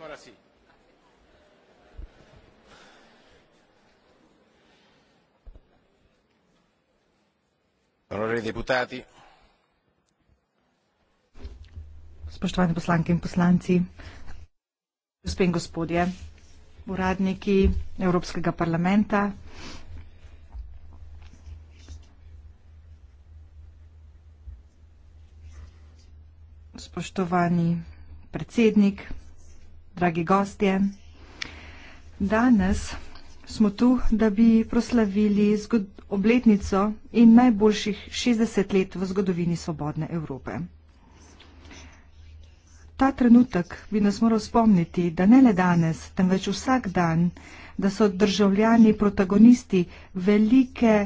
Ahora sí. Honorari deputati. Spoštovani poslanke in poslanci, gospe in gospodje, uradniki Evropskega parlamenta. Spoštovani predsednik, dragi gostje. Danes smo tu, da bi proslavili obletnico in najboljših 60 let v zgodovini svobodne Evrope. Ta trenutek bi nas moral spomniti, da ne le danes, temveč vsak dan, da so državljani protagonisti velike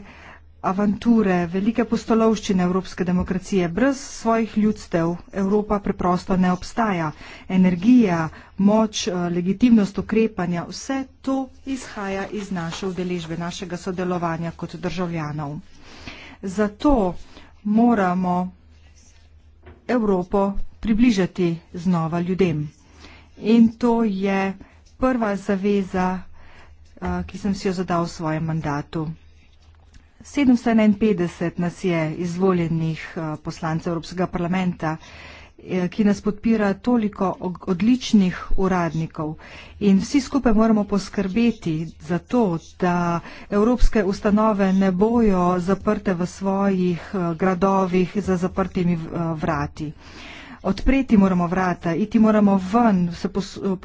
avanture, velike postolovščine evropske demokracije. Brez svojih ljudstev Evropa preprosto ne obstaja. Energija, moč, eh, legitimnost ukrepanja, vse to izhaja iz naše udeležbe, našega sodelovanja kot državljanov. Zato moramo Evropo približati znova ljudem. In to je prva zaveza, eh, ki sem si jo zadal v svojem mandatu. 751 nas je izvoljenih eh, poslancev Evropskega parlamenta, eh, ki nas podpira toliko odličnih uradnikov. In vsi skupaj moramo poskrbeti za to, da evropske ustanove ne bojo zaprte v svojih eh, gradovih za zaprtimi vrati. Odpreti moramo vrata, iti moramo ven, se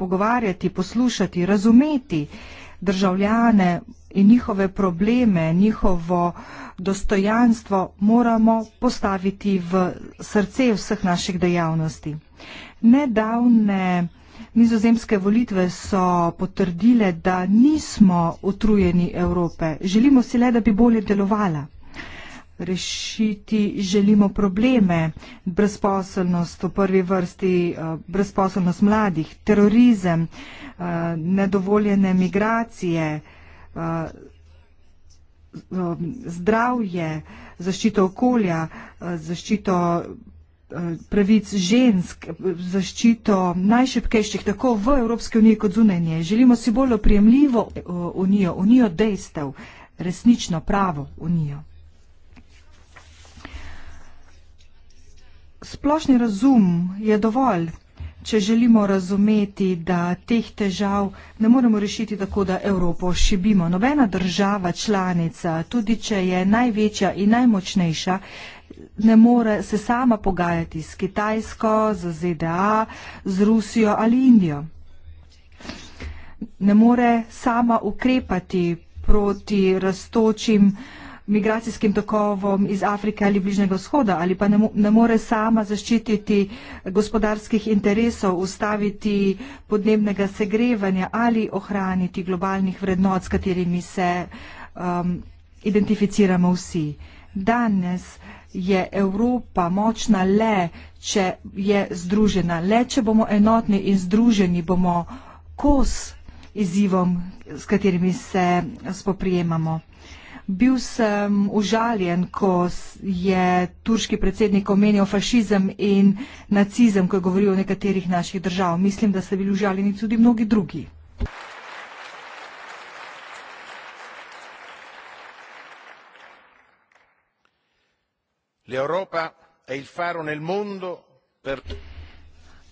pogovarjati, poslušati, razumeti državljane, in njihove probleme, njihovo dostojanstvo moramo postaviti v srce vseh naših dejavnosti. Nedavne nizozemske volitve so potrdile, da nismo utrujeni Evrope. Želimo si le, da bi bolje delovala. Rešiti želimo probleme, brezposelnost v prvi vrsti, eh, brezposelnost mladih, terorizem, eh, nedovoljene migracije, Eh, zdravje, zaščito okolja, eh, zaščito eh, pravic žensk, zaščito najšepkejših, tako v Evropske unije kot zunanje. Želimo si bolj oprijemljivo unijo, unijo dejstev, resnično pravo unijo. Splošni razum je dovolj, če želimo razumeti, da teh težav ne moremo rešiti tako, da Evropo šibimo. Nobena država članica, tudi če je največja in najmočnejša, ne more se sama pogajati s Kitajsko, z ZDA, z Rusijo ali Indijo. Ne more sama ukrepati proti rastočim uh, migracijskim tokovom iz Afrike ali Bližnjega vzhoda ali pa ne, ne more sama zaščititi gospodarskih interesov, ustaviti podnebnega segrevanja ali ohraniti globalnih vrednot, s katerimi se um, identificiramo vsi. Danes je Evropa močna le, če je združena. Le, če bomo enotni in združeni, bomo kos izzivom, s katerimi se spoprijemamo. Bil sem užaljen, ko je turški predsednik omenjal fašizem in nacizem, ko je govoril o nekaterih naših držav. Mislim, da so bili užaljeni tudi mnogi drugi.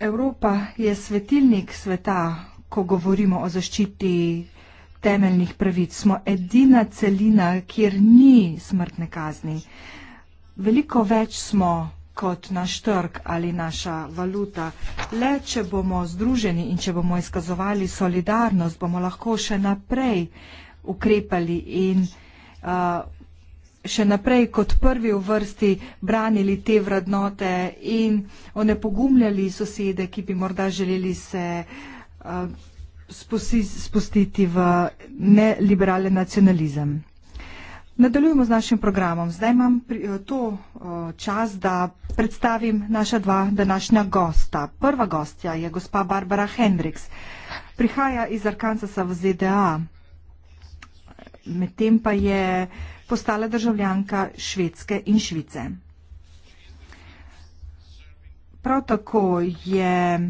Evropa je svetilnik sveta, ko govorimo o zaščiti temeljnih pravic, smo edina celina, kjer ni smrtne kazni. Veliko več smo kot naš trg ali naša valuta. Le če bomo združeni in če bomo izkazovali solidarnost, bomo lahko še naprej ukrepali in uh, še naprej kot prvi v vrsti branili te vrednote in onepogumljali sosede, ki bi morda želeli se uh, spusti, spustiti v neliberalen nacionalizem. Nadaljujemo z našim programom. Zdaj imam pri, eh, to eh, čas, da predstavim naša dva današnja gosta. Prva gostja je gospa Barbara Hendriks. Prihaja iz Arkansasa v ZDA. Medtem pa je postala državljanka Švedske in Švice. Prav tako je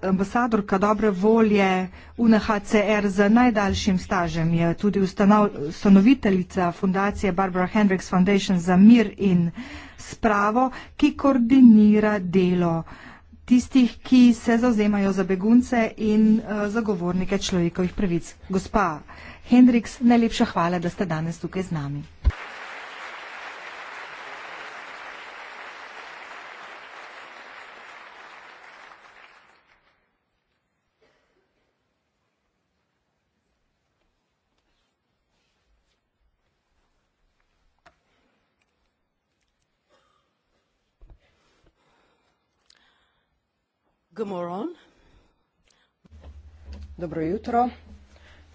ambasadorka dobre volje UNHCR z najdaljšim stažem, je tudi ustanoviteljica fundacije Barbara Hendricks Foundation za mir in spravo, ki koordinira delo tistih, ki se zauzemajo za begunce in eh, zagovornike človekovih pravic. Gospa Hendricks, najlepša hvala, da ste danes tukaj z nami. Dobro jutro,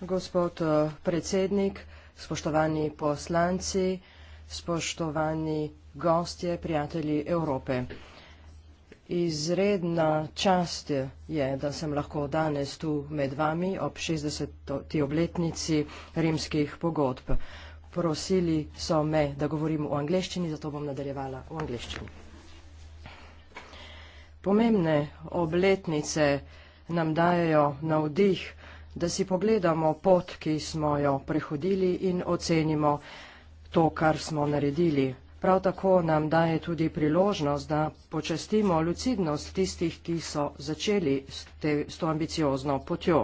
gospod eh, predsednik, spoštovani poslanci, spoštovani gostje, prijatelji Evrope. Izredna čast je, da sem lahko danes tu med vami ob 60. obletnici rimskih pogodb. Prosili so me, da govorim v angleščini, zato bom nadaljevala v angleščini. Pomembne obletnice nam dajejo na vdih, da si pogledamo pot, ki smo jo prehodili in ocenimo to, kar smo naredili. Prav tako nam daje tudi priložnost, da počastimo lucidnost tistih, ki so začeli s, te, s to ambiciozno potjo.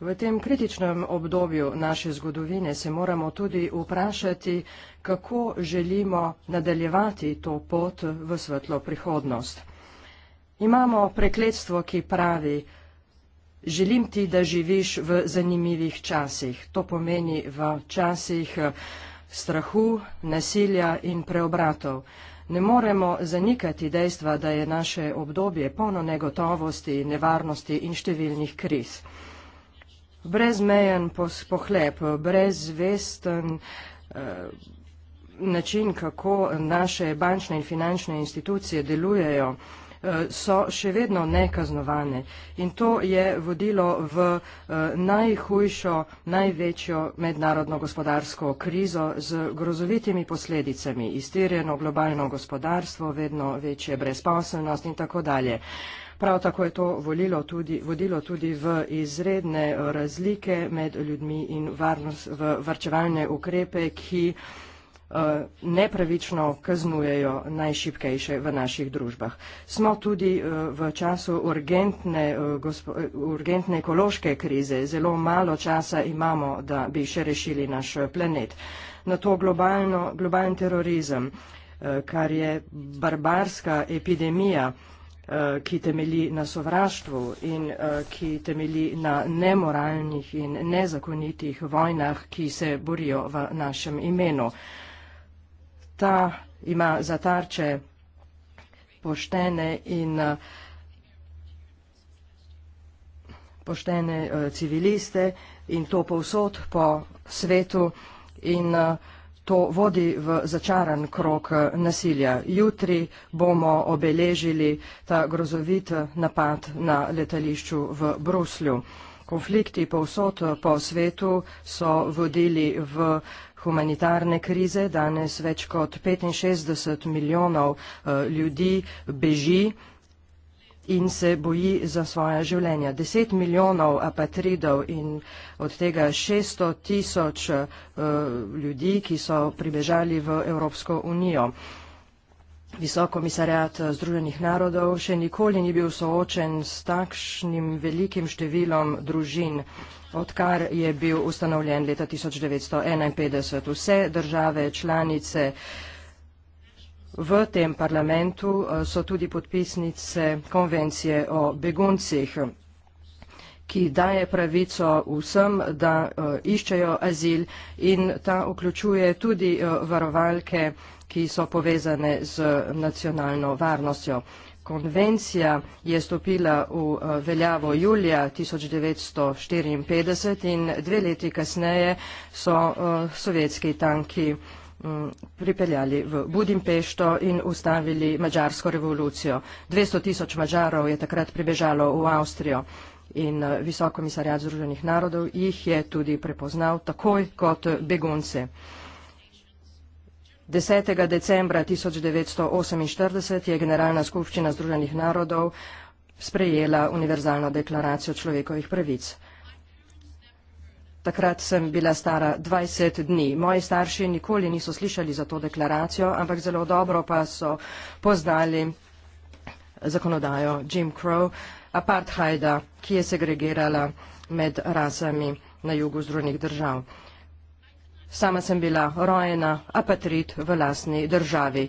V tem kritičnem obdobju naše zgodovine se moramo tudi vprašati, kako želimo nadaljevati to pot v svetlo prihodnost. Imamo prekletstvo, ki pravi, želim ti, da živiš v zanimivih časih. To pomeni v časih eh, strahu, nasilja in preobratov. Ne moremo zanikati dejstva, da je naše obdobje polno negotovosti, nevarnosti in številnih kriz. Brezmejen pohlep, brezvesten eh, način, kako naše bančne in finančne institucije delujejo, Eh, so še vedno nekaznovane. In to je vodilo v eh, najhujšo, največjo mednarodno gospodarsko krizo z grozovitimi posledicami, iztirjeno globalno gospodarstvo, vedno večje brezposobnost in tako dalje. Prav tako je to volilo tudi, vodilo tudi v izredne razlike med ljudmi in varnost, v varčevalne ukrepe, ki uh, Eh, nepravično kaznujejo najšipkejše v naših družbah. Smo tudi eh, v času urgentne, eh, urgentne ekološke krize, zelo malo časa imamo, da bi še rešili naš planet. Na to globalno, globalen terorizem, kar je barbarska epidemija, ki temeli na sovraštvu in ki temeli na nemoralnih in nezakonitih vojnah, ki se borijo v našem imenu ta ima za tarče poštene in poštene eh, civiliste in to povsod po svetu in eh, to vodi v začaran krok eh, nasilja. Jutri bomo obeležili ta grozovit napad na letališču v Bruslju. Konflikti povsod po svetu so vodili v humanitarne krize, danes več kot 65 milijonov eh, ljudi beži in se boji za svoja življenja. 10 milijonov apatridov in od tega 600 tisoč eh, ljudi, ki so pribežali v Evropsko unijo. Visok komisariat eh, Združenih narodov še nikoli ni bil soočen s takšnim velikim številom družin, odkar je bil ustanovljen leta 1951. Vse države članice v tem parlamentu eh, so tudi podpisnice konvencije o beguncih ki daje pravico vsem, da uh, iščejo azil in ta vključuje tudi uh, varovalke uh, ki so povezane z nacionalno varnostjo. Konvencija je stopila v eh, veljavo julija 1954 in dve leti kasneje so eh, sovjetski tanki mm, pripeljali v Budimpešto in ustavili mađarsko revolucijo. 200 tisoč mađarov je takrat pribežalo v Avstrijo in eh, Visokomisarjat Združenih narodov jih je tudi prepoznal takoj kot begunce. 10. decembra 1948 je Generalna skupščina Združenih narodov sprejela Univerzalno deklaracijo človekovih pravic. Takrat sem bila stara 20 dni. Moji starši nikoli niso slišali za to deklaracijo, ampak zelo dobro pa so poznali zakonodajo Jim Crow, apartheida, ki je segregirala med rasami na jugu Združenih držav. Sama sem bila rojena apatrit v lasni državi.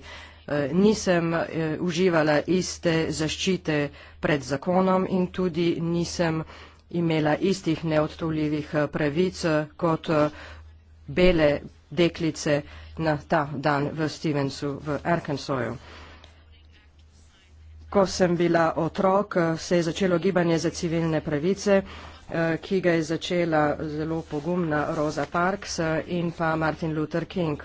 E, nisem e, uživala iste zaščite pred zakonom in tudi nisem imela istih neodtuljivih e, pravic kot bele deklice na ta dan v Stevensu v Arkansasu. Ko sem bila otrok, se je začelo gibanje za civilne pravice. Eh, ki ga je začela zelo pogumna Rosa Parks eh, in pa Martin Luther King.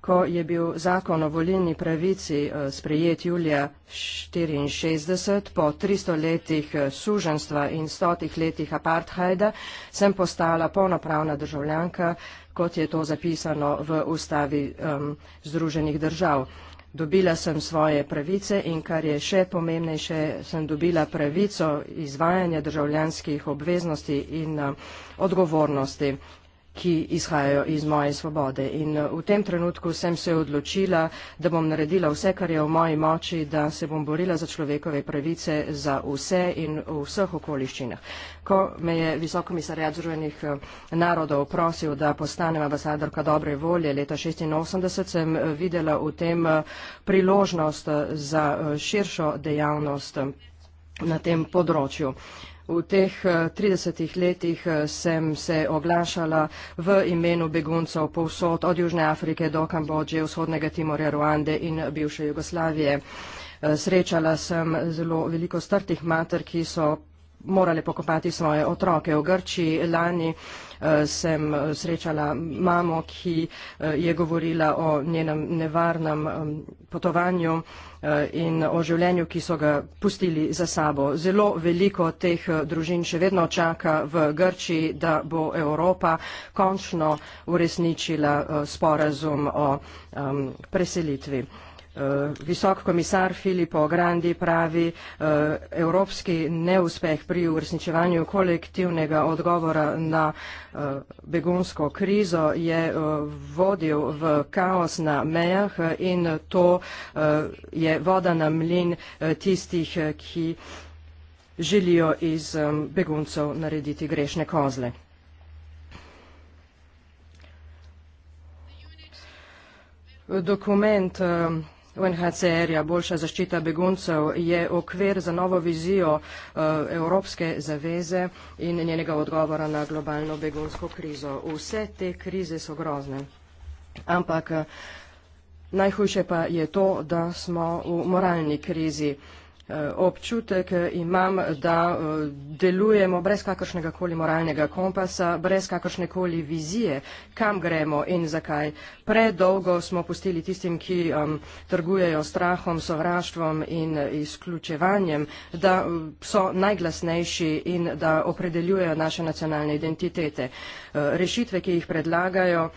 Ko je bil zakon o volilni pravici eh, sprejet julija 1964, po 300 letih suženstva in 100 letih apartheida, sem postala polnopravna državljanka, kot je to zapisano v ustavi um, Združenih držav dobila sem svoje pravice in kar je še pomembnejše, sem dobila pravico izvajanja državljanskih obveznosti in eh, odgovornosti ki izhajajo iz moje svobode. In eh, v tem trenutku sem se odločila, da bom naredila vse, kar je v moji moči, da se bom borila za človekove pravice, za vse in v vseh okoliščinah. Ko me je visokomisarjat Združenih eh, narodov prosil, da postanem ambasadorka dobre volje leta 1986, sem eh, videla v tem priložnost za širšo dejavnost na tem področju. Uh, V teh 30 eh, letih eh, sem se oglašala v imenu beguncev povsod od Južne Afrike do Kambodže, vzhodnega Timorja, Ruande in bivše Jugoslavije. Eh, srečala sem zelo veliko strtih mater, ki so morale pokopati svoje otroke. V Grčiji lani eh, sem eh, srečala mamo, ki eh, je govorila o njenem nevarnem potovanju in o življenju, ki so ga pustili za sabo. Zelo veliko teh družin še vedno čaka v Grčiji, da bo Evropa končno uresničila sporazum o preselitvi. Eh, visok komisar Filipo Grandi pravi, eh, evropski neuspeh pri uresničevanju kolektivnega odgovora na eh, begunsko krizo je vodil v kaos na mejah in to je voda na mlin tistih, ki želijo iz beguncev narediti grešne kozle. Dokument uh... UNHCR-ja, boljša zaščita beguncev, je okvir za novo vizijo eh, Evropske zaveze in njenega odgovora na globalno begunsko krizo. Vse te krize so grozne, ampak eh, najhujše pa je to, da smo v moralni krizi. Eh, občutek eh, imam, da eh, delujemo brez kakršnega koli moralnega kompasa, brez kakršne koli vizije, kam gremo in zakaj. Predolgo smo pustili tistim, ki um, trgujejo strahom, sovraštvom in izključevanjem, da so najglasnejši in da opredeljujejo naše nacionalne identitete. Rešitve, ki jih predlagajo,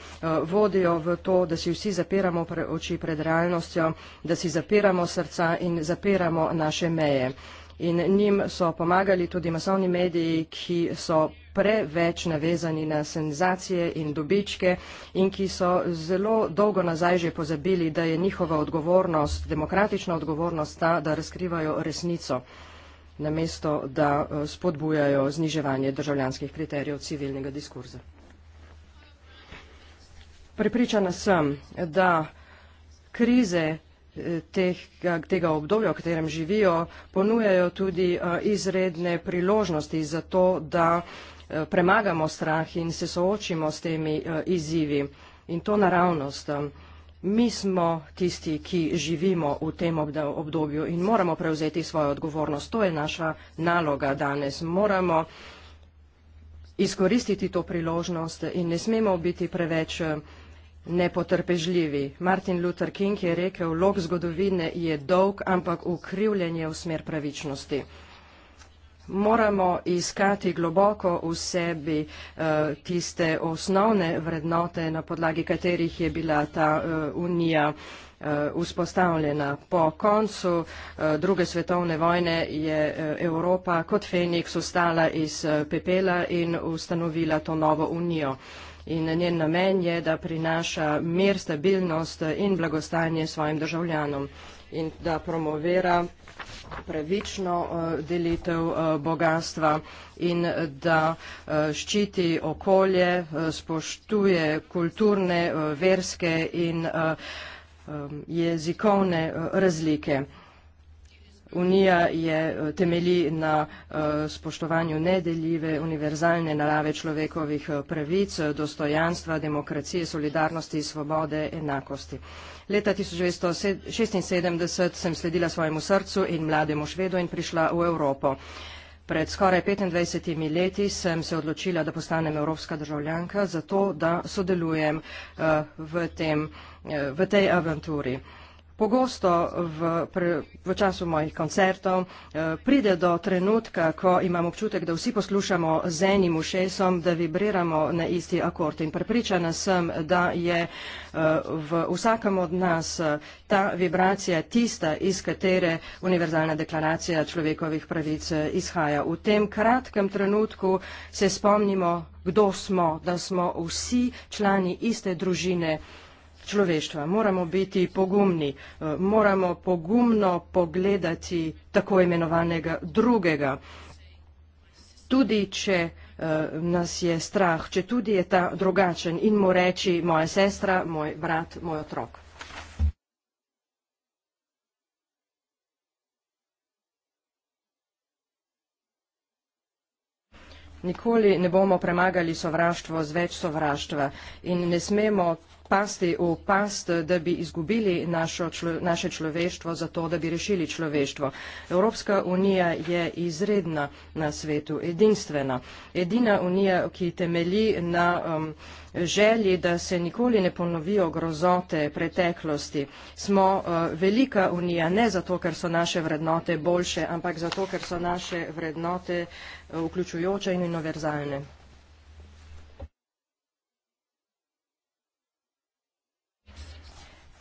vodijo v to, da si vsi zapiramo oči pred realnostjo, da si zapiramo srca in zapiramo naše naše meje. In njim so pomagali tudi masovni mediji, ki so preveč navezani na senzacije in dobičke in ki so zelo dolgo nazaj že pozabili, da je njihova odgovornost, demokratična odgovornost ta, da razkrivajo resnico, namesto da eh, spodbujajo zniževanje državljanskih kriterijev civilnega diskurza. Pripričana sem, da krize tega, tega obdobja, v katerem živijo, ponujajo tudi eh, izredne priložnosti za to, da eh, premagamo strah in se soočimo s temi eh, izzivi. In to naravnost. Mi smo tisti, ki živimo v tem obdobju in moramo prevzeti svojo odgovornost. To je naša naloga danes. Moramo izkoristiti to priložnost in ne smemo biti preveč nepotrpežljivi. Martin Luther King je rekel, lok zgodovine je dolg, ampak ukrivljenje v smer pravičnosti. Moramo iskati globoko v sebi uh, tiste osnovne vrednote, na podlagi katerih je bila ta uh, unija eh, vzpostavljena. Po koncu druge svetovne vojne je Evropa kot Feniks ustala iz pepela in ustanovila to novo unijo in njen namen je, da prinaša mer, stabilnost in blagostanje svojim državljanom in da promovira pravično eh, delitev eh, bogatstva in da eh, ščiti okolje, spoštuje kulturne, verske in jezikovne razlike. Unija je eh, temeli na eh, spoštovanju nedeljive, univerzalne narave človekovih eh, pravic, dostojanstva, demokracije, solidarnosti, svobode, enakosti. Leta 1976 sem sledila svojemu srcu in mlademu švedu in prišla v Evropo. Pred skoraj 25 leti sem se odločila, da postanem evropska državljanka, zato da sodelujem v, tem, v tej avanturi. Pogosto v, pre, v času mojih koncertov eh, pride do trenutka, ko imam občutek, da vsi poslušamo z enim ušesom, da vibriramo na isti akord. In prepričana sem, da je eh, v vsakem od nas eh, ta vibracija tista, iz katere univerzalna deklaracija človekovih pravic eh, izhaja. V tem kratkem trenutku se spomnimo, kdo smo, da smo vsi člani iste družine človeštva. Moramo biti pogumni, eh, moramo pogumno pogledati tako imenovanega drugega. Tudi, če eh, nas je strah, če tudi je ta drugačen in mu reči moja sestra, moj brat, moj otrok. Nikoli ne bomo premagali sovraštvo z več sovraštva in ne smemo pasti v past, da bi izgubili našo, člo, naše človeštvo za to, da bi rešili človeštvo. Evropska unija je izredna na svetu, edinstvena. Edina unija, ki temelji na um, želji, da se nikoli ne ponovijo grozote preteklosti. Smo uh, velika unija ne zato, ker so naše vrednote boljše, ampak zato, ker so naše vrednote uh, vključujoče in univerzalne.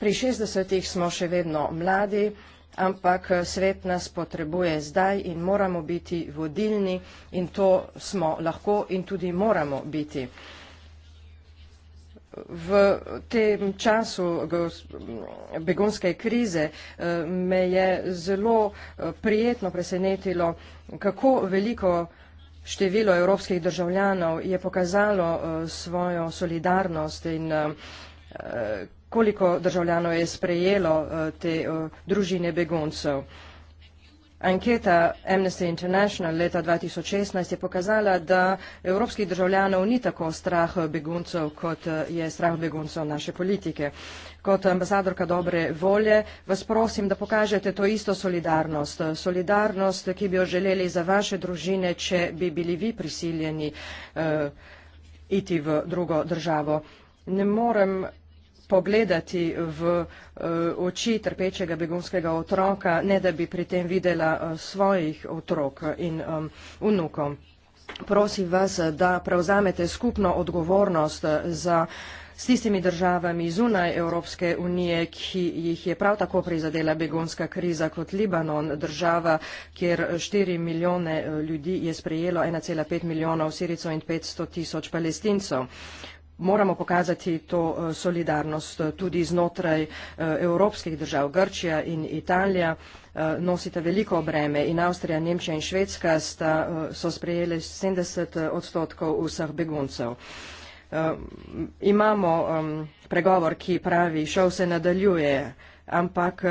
Pri 60-ih smo še vedno mladi, ampak eh, svet nas potrebuje zdaj in moramo biti vodilni in to smo lahko in tudi moramo biti. V tem času begonske krize eh, me je zelo eh, prijetno presenetilo, kako veliko število evropskih državljanov je pokazalo svojo solidarnost in kakšno koliko državljanov je sprejelo eh, te eh, družine beguncev. Anketa Amnesty International leta 2016 je pokazala, da evropskih državljanov ni tako strah eh, beguncev, kot je strah beguncev naše politike. Kot ambasadorka dobre volje vas prosim, da pokažete to isto solidarnost. Solidarnost, ki bi jo želeli za vaše družine, če bi bili vi prisiljeni uh, iti v drugo državo. Ne morem pogledati v uh, oči trpečega begunskega otroka, ne da bi pri tem videla uh, svojih otrok in um, vnukov. Prosim vas, da prevzamete skupno odgovornost eh, za s tistimi državami zunaj Evropske unije, ki jih je prav tako prizadela begonska kriza kot Libanon, država, kjer 4 milijone ljudi je sprejelo 1,5 milijona sirico in 500 tisoč palestincov moramo pokazati to eh, solidarnost eh, tudi znotraj eh, evropskih držav Grčija in Italija nosite veliko breme in Avstrija, Nemčija in Švedska sta, so sprejeli 70 odstotkov vseh beguncev. Imamo pregovor, ki pravi, šov se nadaljuje, ampak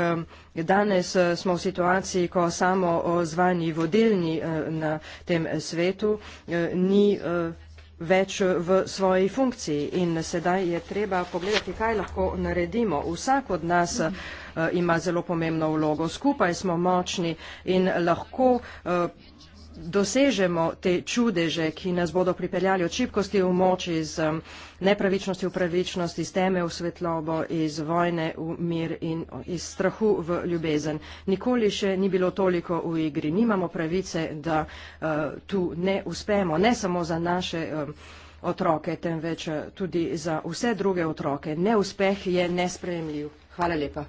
danes smo v situaciji, ko samo zvani vodilni na tem svetu ni več v svoji funkciji in sedaj je treba pogledati, kaj lahko naredimo. Vsak od nas eh, ima zelo pomembno vlogo. Skupaj smo močni in lahko eh, dosežemo te čudeže, ki nas bodo pripeljali od šibkosti v moč, iz um, nepravičnosti v pravičnost, iz teme v svetlobo, iz vojne v mir in iz strahu v ljubezen. Nikoli še ni bilo toliko v igri. Nimamo pravice, da uh, tu ne uspemo, ne samo za naše. Uh, otroke, temveč uh, tudi za vse druge otroke. Neuspeh je nespremljiv. Hvala lepa.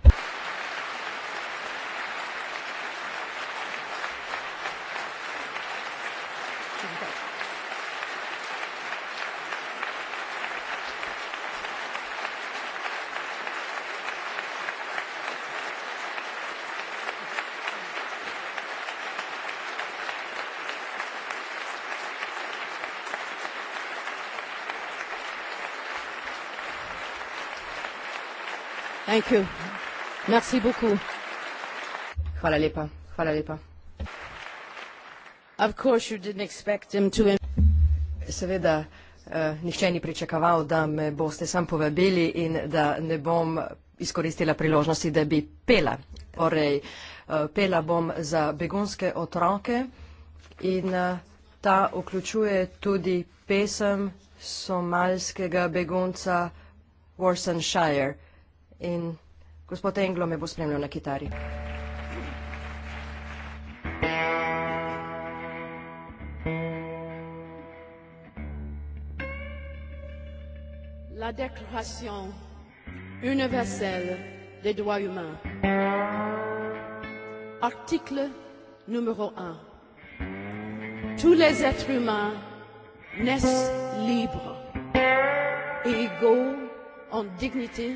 Thank you. Merci beaucoup. Hvala lepa. Hvala lepa. Of course you didn't expect him to... Seveda, uh, nihče ni pričakoval, da me boste sam povabili in da ne bom izkoristila priložnosti, da bi pela. Torej, uh, pela bom za begunske otroke in uh, ta vključuje tudi pesem somalskega begunca Worsenshire. Shire in gospod Englo me bo spremljal na kitari. La Déclaration universelle des droits humains. Article numéro 1. Tous les êtres humains naissent libres et égaux en dignité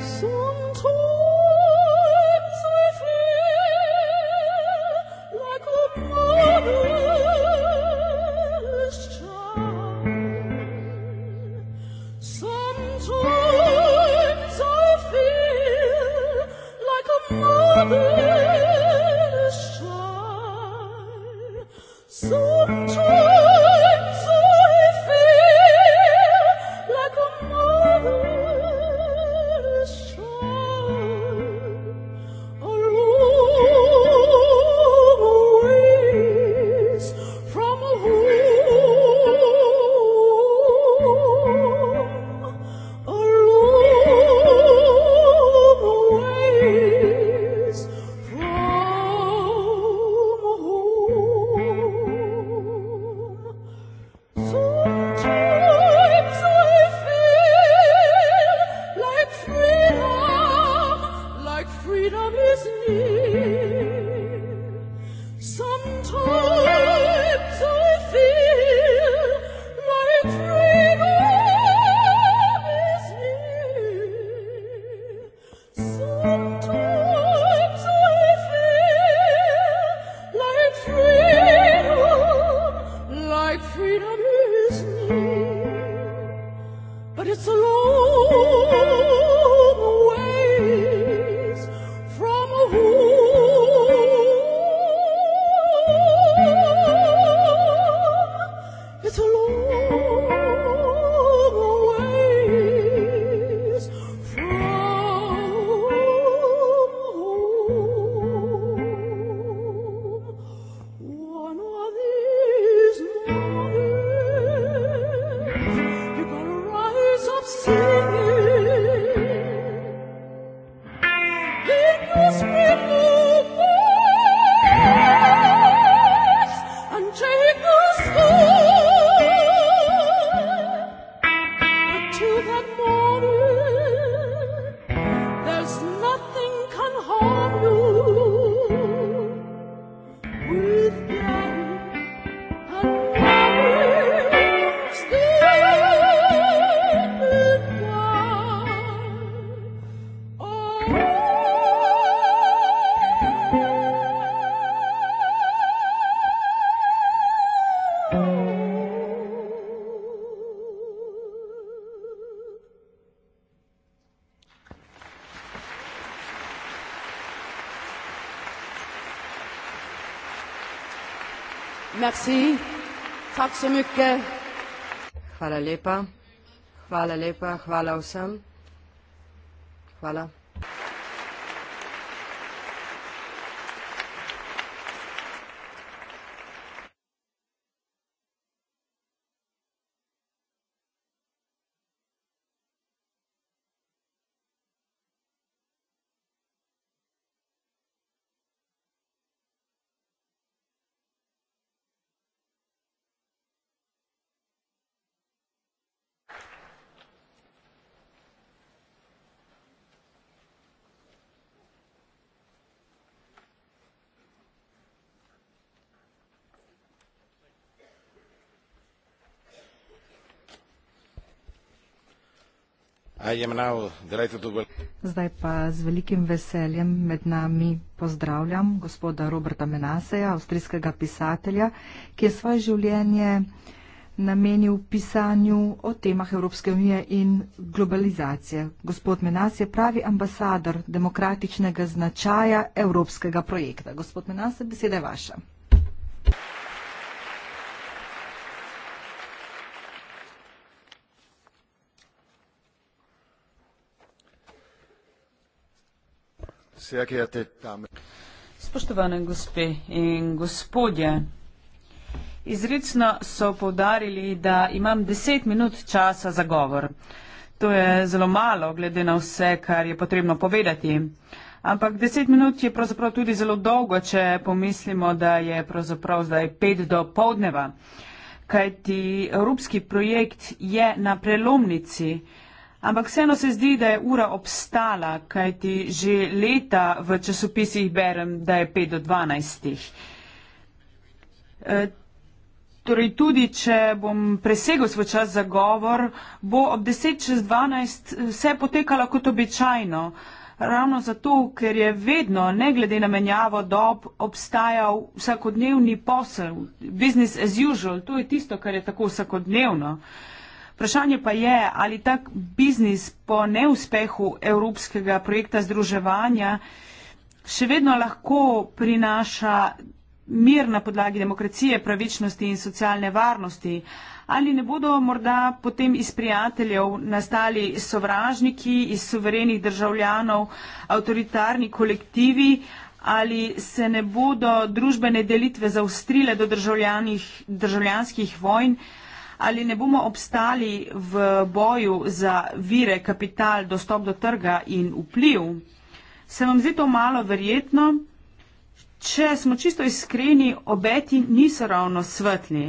Jesús. demokraciji. Tack så mycket. Hvala lepa. Hvala lepa. Hvala vsem. Hvala. Zdaj pa z velikim veseljem med nami pozdravljam gospoda Roberta Menaseja, avstrijskega pisatelja, ki je svoje življenje namenil pisanju o temah Evropske unije in globalizacije. Gospod Menas je pravi ambasador demokratičnega značaja evropskega projekta. Gospod Menas, beseda je vaša. sehr geehrte Damen. Spoštovane gospe in gospodje, izredno so povdarili, da imam deset minut časa za govor. To je zelo malo, glede na vse, kar je potrebno povedati. Ampak deset minut je pravzaprav tudi zelo dolgo, če pomislimo, da je pravzaprav zdaj pet do povdneva. Kajti evropski projekt je na prelomnici. Ampak vseeno se zdi, da je ura obstala, kaj ti že leta v časopisih berem, da je 5 do 12. E, torej tudi, če bom presegel svoj čas za govor, bo ob 10 čez 12 vse potekalo kot običajno. Ravno zato, ker je vedno, ne glede na menjavo dob, obstajal vsakodnevni posel, business as usual, to je tisto, kar je tako vsakodnevno. Uh, Vprašanje pa je, ali tak biznis po neuspehu evropskega projekta združevanja še vedno lahko prinaša mir na podlagi demokracije, pravičnosti in socialne varnosti. Ali ne bodo morda potem iz prijateljev nastali sovražniki, iz suverenih državljanov, avtoritarni kolektivi, ali se ne bodo družbene delitve zaustrile do državljanskih vojn, ali ne bomo obstali v boju za vire, kapital, dostop do trga in vpliv? Se vam zdi to malo verjetno? Če smo čisto iskreni, obeti niso ravno svetni,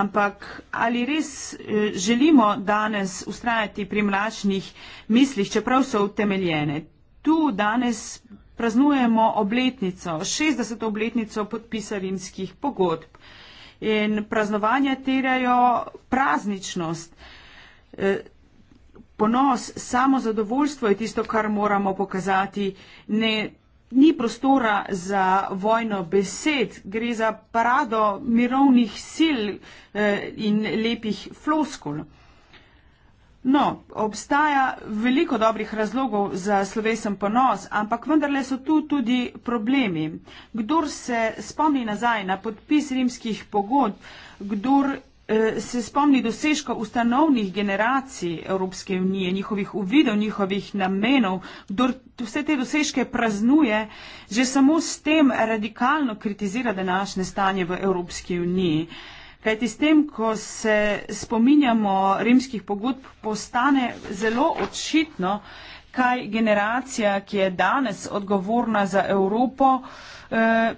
ampak ali res eh, želimo danes ustrajati pri mračnih mislih, čeprav so utemeljene? Tu danes praznujemo obletnico, 60. obletnico podpisa rimskih pogodb in praznovanja terjajo prazničnost. E, ponos, samozadovoljstvo je tisto, kar moramo pokazati. Ne, ni prostora za vojno besed, gre za parado mirovnih sil e, in lepih floskul. No, obstaja veliko dobrih razlogov za slovesen ponos, ampak vendarle so tu tudi problemi. Kdor se spomni nazaj na podpis rimskih pogodb, kdor eh, se spomni dosežka ustanovnih generacij Evropske unije, njihovih uvidov, njihovih namenov, kdor vse te dosežke praznuje, že samo s tem radikalno kritizira današnje stanje v Evropski uniji. Eh, Kajti s tem, ko se spominjamo rimskih pogodb, postane zelo očitno, kaj generacija, ki je danes odgovorna za Evropo, eh,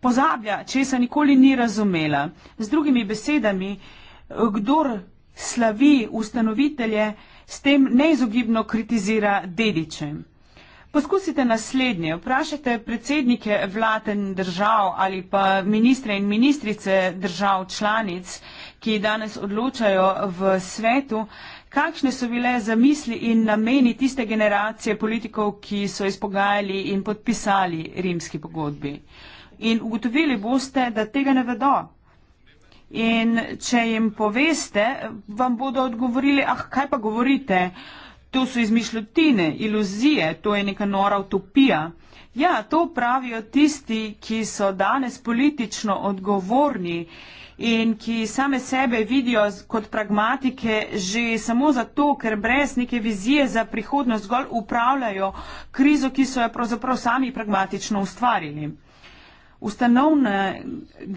pozablja, česa nikoli ni razumela. Z drugimi besedami, kdor slavi ustanovitelje, s tem neizogibno kritizira dedičem. Poskusite naslednje. Vprašajte predsednike vlaten držav ali pa ministre in ministrice držav članic, ki danes odločajo v svetu, kakšne so bile zamisli in nameni tiste generacije politikov, ki so izpogajali in podpisali rimski pogodbi. In ugotovili boste, da tega ne vedo. In če jim poveste, vam bodo odgovorili, ah, kaj pa govorite, uh, To so izmišljotine, iluzije, to je neka nora utopija. Ja, to pravijo tisti, ki so danes politično odgovorni in ki same sebe vidijo kot pragmatike že samo zato, ker brez neke vizije za prihodnost zgolj upravljajo krizo, ki so jo pravzaprav sami pragmatično ustvarili. Ustanovna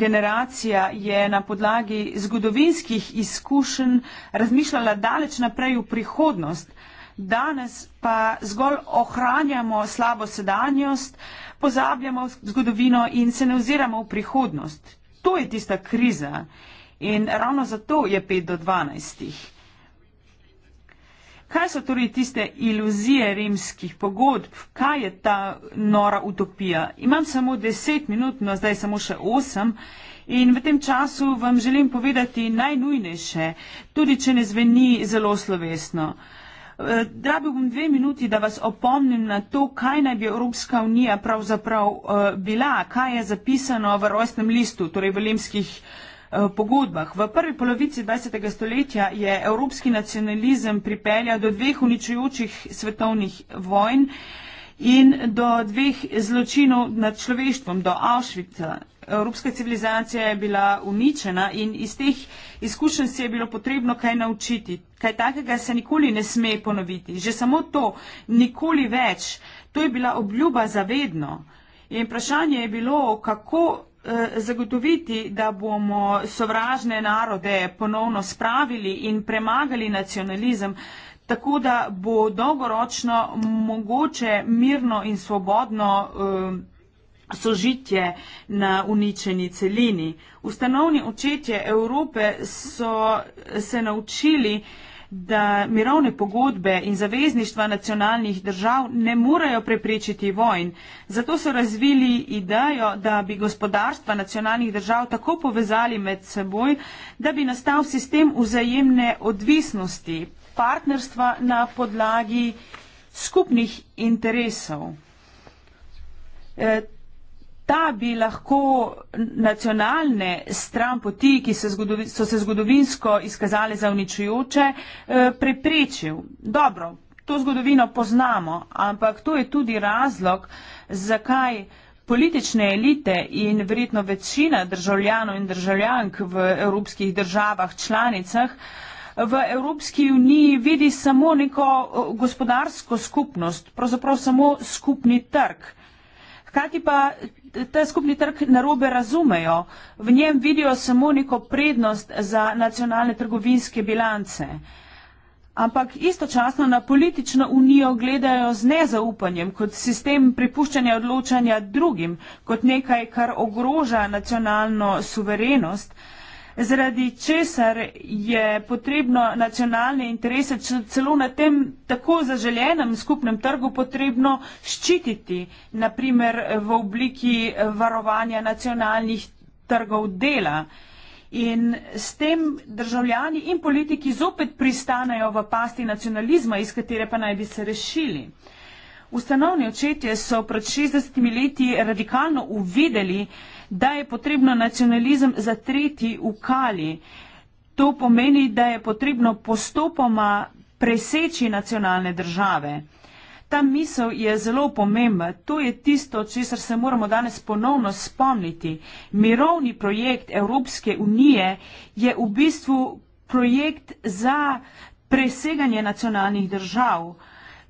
generacija je na podlagi zgodovinskih izkušenj razmišljala daleč naprej v prihodnost danes pa zgolj ohranjamo slabo sedanjost, pozabljamo zgodovino in se ne oziramo v prihodnost. To je tista kriza in ravno zato je 5 do 12. Kaj so torej tiste iluzije rimskih pogodb? Kaj je ta nora utopija? Imam samo 10 minut, no zdaj samo še 8. In v tem času vam želim povedati najnujnejše, tudi če ne zveni zelo slovesno. Eh, Drabim dve minuti, da vas opomnim na to, kaj naj bi Evropska unija pravzaprav eh, bila, kaj je zapisano v rojstnem listu, torej v lemskih eh, pogodbah. V prvi polovici 20. stoletja je evropski nacionalizem pripeljal do dveh uničujočih svetovnih vojn in do dveh zločinov nad človeštvom, do Auschwitza. Evropska civilizacija je bila uničena in iz teh izkušenj se je bilo potrebno kaj naučiti. Kaj takega se nikoli ne sme ponoviti. Že samo to, nikoli več. To je bila obljuba za vedno. In vprašanje je bilo, kako eh, zagotoviti, da bomo sovražne narode ponovno spravili in premagali nacionalizem. Eh, tako da bo dolgoročno mogoče mirno in svobodno um, sožitje na uničeni celini. Ustanovni očetje Evrope so se naučili, da mirovne pogodbe in zavezništva nacionalnih držav ne morejo preprečiti vojn. Zato so razvili idejo, da bi gospodarstva nacionalnih držav tako povezali med seboj, da bi nastal sistem vzajemne odvisnosti, partnerstva na podlagi skupnih interesov. E, ta bi lahko nacionalne stran poti, ki se so se zgodovinsko izkazale za uničujoče, e, preprečil. Dobro, to zgodovino poznamo, ampak to je tudi razlog, zakaj politične elite in verjetno večina državljanov in državljank v evropskih državah članicah v Evropski uniji vidi samo neko gospodarsko skupnost, pravzaprav samo skupni trg. Hkrati pa ta skupni trg narobe razumejo, v njem vidijo samo neko prednost za nacionalne trgovinske bilance. Ampak istočasno na politično unijo gledajo z nezaupanjem, kot sistem prepuščanja odločanja drugim, kot nekaj, kar ogroža nacionalno suverenost zaradi česar je potrebno nacionalne interese celo na tem tako zaželjenem skupnem trgu potrebno ščititi, naprimer v obliki varovanja nacionalnih trgov dela. In s tem državljani in politiki zopet pristanejo v pasti nacionalizma, iz katere pa naj bi se rešili. Ustanovni očetje so pred 60 leti radikalno uvideli, da je potrebno nacionalizem zatreti v kali. To pomeni, da je potrebno postopoma preseči nacionalne države. Ta misel je zelo pomembna. To je tisto, česar se moramo danes ponovno spomniti. Mirovni projekt Evropske unije je v bistvu projekt za preseganje nacionalnih držav.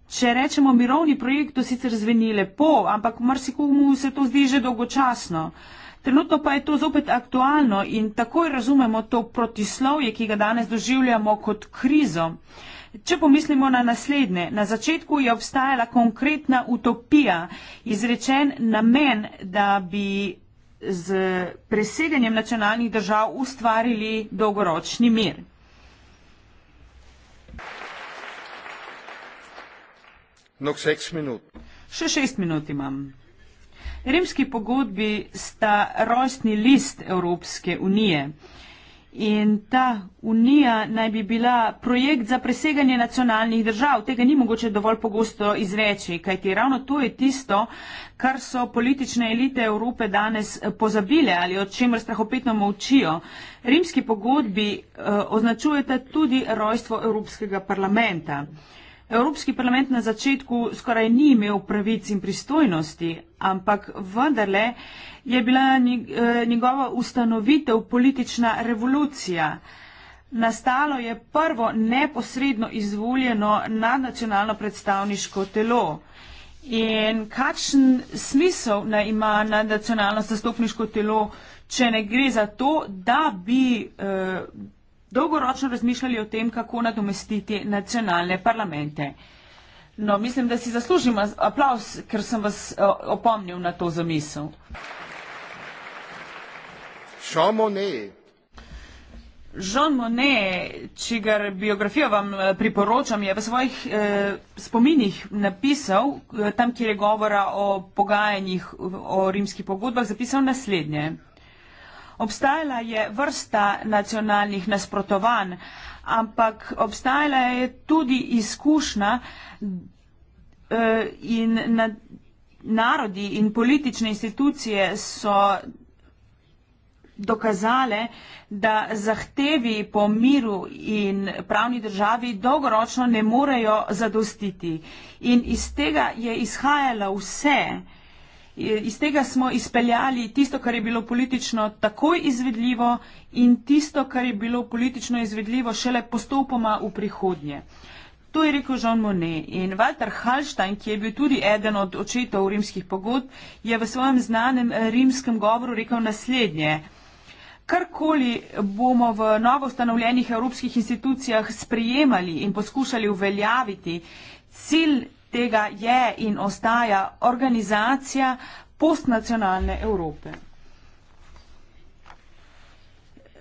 Če rečemo mirovni projekt, to sicer zveni lepo, ampak marsikomu se to zdi že dolgočasno. Uh, Trenutno pa je to zopet aktualno in takoj razumemo to protislovje, ki ga danes doživljamo kot krizo. Če pomislimo na naslednje, na začetku je obstajala konkretna utopija, izrečen namen, da bi z preseganjem nacionalnih držav ustvarili dolgoročni mir. Še šest minut imam. Rimski pogodbi sta rojstni list Evropske unije in ta unija naj bi bila projekt za preseganje nacionalnih držav. Tega ni mogoče dovolj pogosto izreči, kajti ravno to je tisto, kar so politične elite Evrope danes eh, pozabile ali o čemer strahopetno molčijo. Rimski pogodbi eh, označujete tudi rojstvo Evropskega parlamenta. Evropski parlament na začetku skoraj ni imel pravic in pristojnosti, ampak vendarle je bila eh, njegova ustanovitev politična revolucija. Nastalo je prvo neposredno izvoljeno nadnacionalno predstavniško telo. In kakšen smisel naj ima nadnacionalno zastopniško telo, če ne gre za to, da bi. Eh, dolgoročno razmišljali o tem, kako nadomestiti nacionalne parlamente. No, mislim, da si zaslužim aplaus, ker sem vas eh, opomnil na to zamisel. Jean Monnet. Jean Monnet, čigar biografijo vam eh, priporočam, je v svojih eh, spominjih napisal, eh, tam, kjer je govora o pogajanjih, o rimskih pogodbah, zapisal naslednje. Obstajala je vrsta nacionalnih nasprotovanj, ampak obstajala je tudi izkušnja eh, in narodi in politične institucije so dokazale, da zahtevi po miru in pravni državi dolgoročno ne morejo zadostiti. In iz tega je izhajalo vse, iz tega smo izpeljali tisto, kar je bilo politično takoj izvedljivo in tisto, kar je bilo politično izvedljivo šele postopoma v prihodnje. To je rekel Jean Monnet in Walter Hallstein, ki je bil tudi eden od očetov rimskih pogodb, je v svojem znanem eh, rimskem govoru rekel naslednje. Karkoli bomo v novo ustanovljenih evropskih institucijah sprejemali in poskušali uveljaviti, cilj tega je in ostaja organizacija postnacionalne Evrope.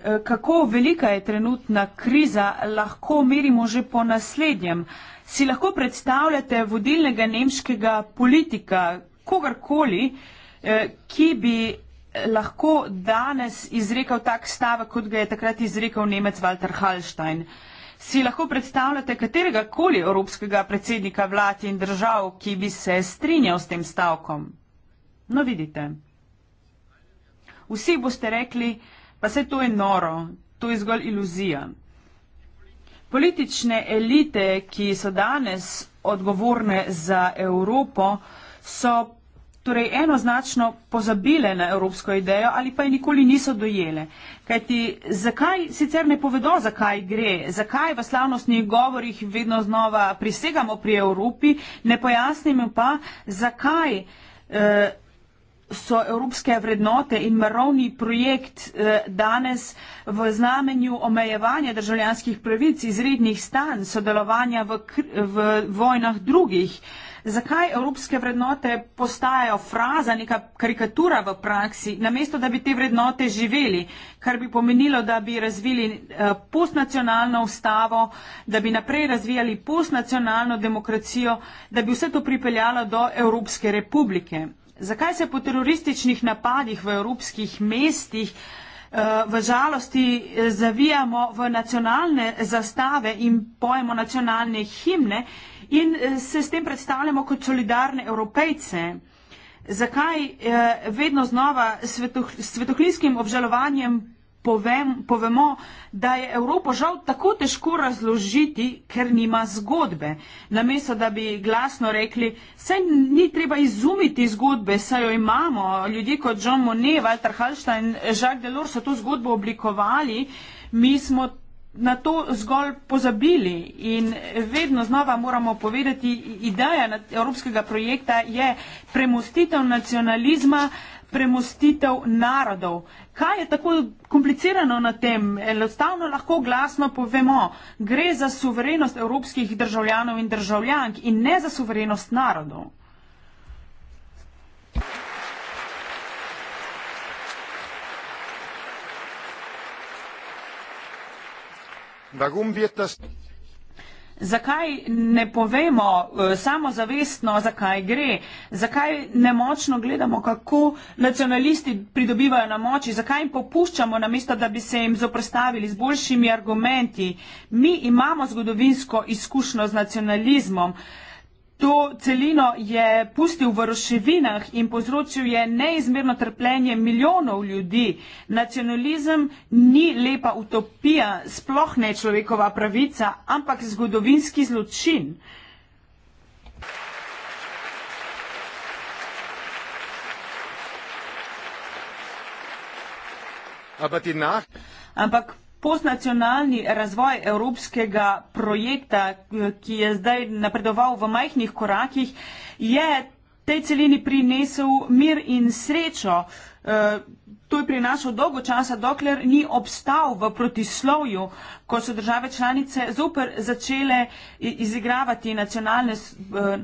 E, kako velika je trenutna kriza, lahko merimo že po naslednjem. Si lahko predstavljate vodilnega nemškega politika, kogarkoli, e, ki bi lahko danes izrekel tak stavek, kot ga je takrat izrekel Nemec Walter Hallstein. Si lahko predstavljate katerega koli evropskega predsednika vlad in držav, ki bi se strinjal s tem stavkom? No, vidite. Vsi boste rekli, pa se to je noro, to je zgolj iluzija. Politične elite, ki so danes odgovorne za Evropo, so torej enoznačno pozabile na evropsko idejo ali pa je nikoli niso dojele. Kajti zakaj sicer ne povedo, zakaj gre, zakaj v slavnostnih govorih vedno znova prisegamo pri Evropi, ne pojasnimo pa, zakaj eh, so evropske vrednote in mrovni projekt eh, danes v znamenju omejevanja državljanskih pravic, izrednih stanj, sodelovanja v, v vojnah drugih. Eh, zakaj evropske vrednote postajajo fraza, neka karikatura v praksi, namesto da bi te vrednote živeli, kar bi pomenilo, da bi razvili eh, postnacionalno ustavo, da bi naprej razvijali postnacionalno demokracijo, da bi vse to pripeljalo do Evropske republike. Zakaj se po terorističnih napadih v evropskih mestih eh, v žalosti eh, zavijamo v nacionalne zastave in pojemo nacionalne himne, in eh, se s tem predstavljamo kot solidarne evropejce. Zakaj eh, vedno znova s svetohlinskim obžalovanjem povem, povemo, da je Evropo žal tako težko razložiti, ker nima zgodbe? Namesto, da bi glasno rekli, saj ni treba izumiti zgodbe, saj jo imamo. Ljudje kot John Monet, Walter Hallstein, Jacques Delors so to zgodbo oblikovali. Mi smo na to zgolj pozabili in vedno znova moramo povedati, ideja evropskega projekta je premustitev nacionalizma, premustitev narodov. Kaj je tako komplicirano na tem? Enostavno lahko glasno povemo, gre za suverenost evropskih državljanov in državljank in ne za suverenost narodov. Zakaj ne povemo e, samozavestno, zakaj gre? Zakaj nemočno gledamo, kako nacionalisti pridobivajo na moči? Zakaj jim popuščamo, namesto da bi se jim zoprstavili z boljšimi argumenti? Mi imamo zgodovinsko izkušnjo z nacionalizmom. To celino je pustil v roševinah in povzročil je neizmerno trpljenje milijonov ljudi. Nacionalizem ni lepa utopija, sploh ne človekova pravica, ampak zgodovinski zločin. Ampak postnacionalni razvoj evropskega projekta, ki je zdaj napredoval v majhnih korakih, je tej celini prinesel mir in srečo. Uh, To je pri nas v dolgo časa, dokler ni obstal v protislovju, ko so države članice zoper začele izigravati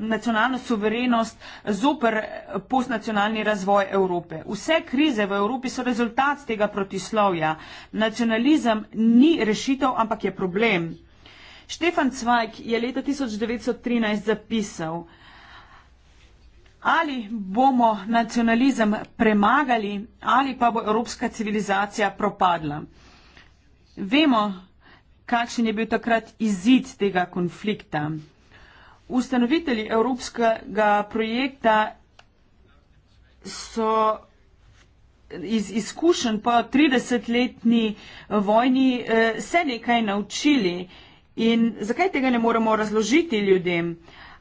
nacionalno suverenost, zoper eh, postnacionalni razvoj Evrope. Vse krize v Evropi so rezultat tega protislovja. Nacionalizem ni rešitev, ampak je problem. Štefan Cvajk je leta 1913 zapisal, Ali bomo nacionalizem premagali ali pa bo evropska civilizacija propadla? Vemo, kakšen je bil takrat izid tega konflikta. Ustanovitelji evropskega projekta so iz izkušenj po 30-letni vojni eh, se nekaj naučili. In zakaj tega ne moremo razložiti ljudem?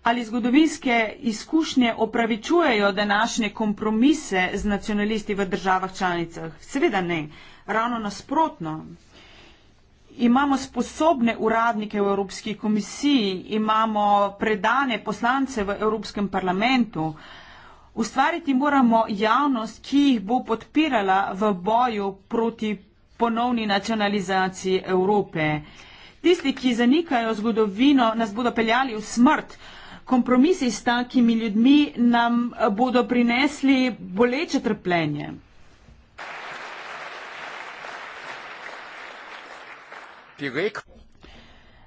Ali zgodovinske izkušnje opravičujejo današnje kompromise z nacionalisti v državah članicah? Seveda ne. Ravno nasprotno. Imamo sposobne uradnike v Evropski komisiji, imamo predane poslance v Evropskem parlamentu. Ustvariti moramo javnost, ki jih bo podpirala v boju proti ponovni nacionalizaciji Evrope. Tisti, ki zanikajo zgodovino, nas bodo peljali v smrt kompromisi s takimi ljudmi nam eh, bodo prinesli boleče trpljenje.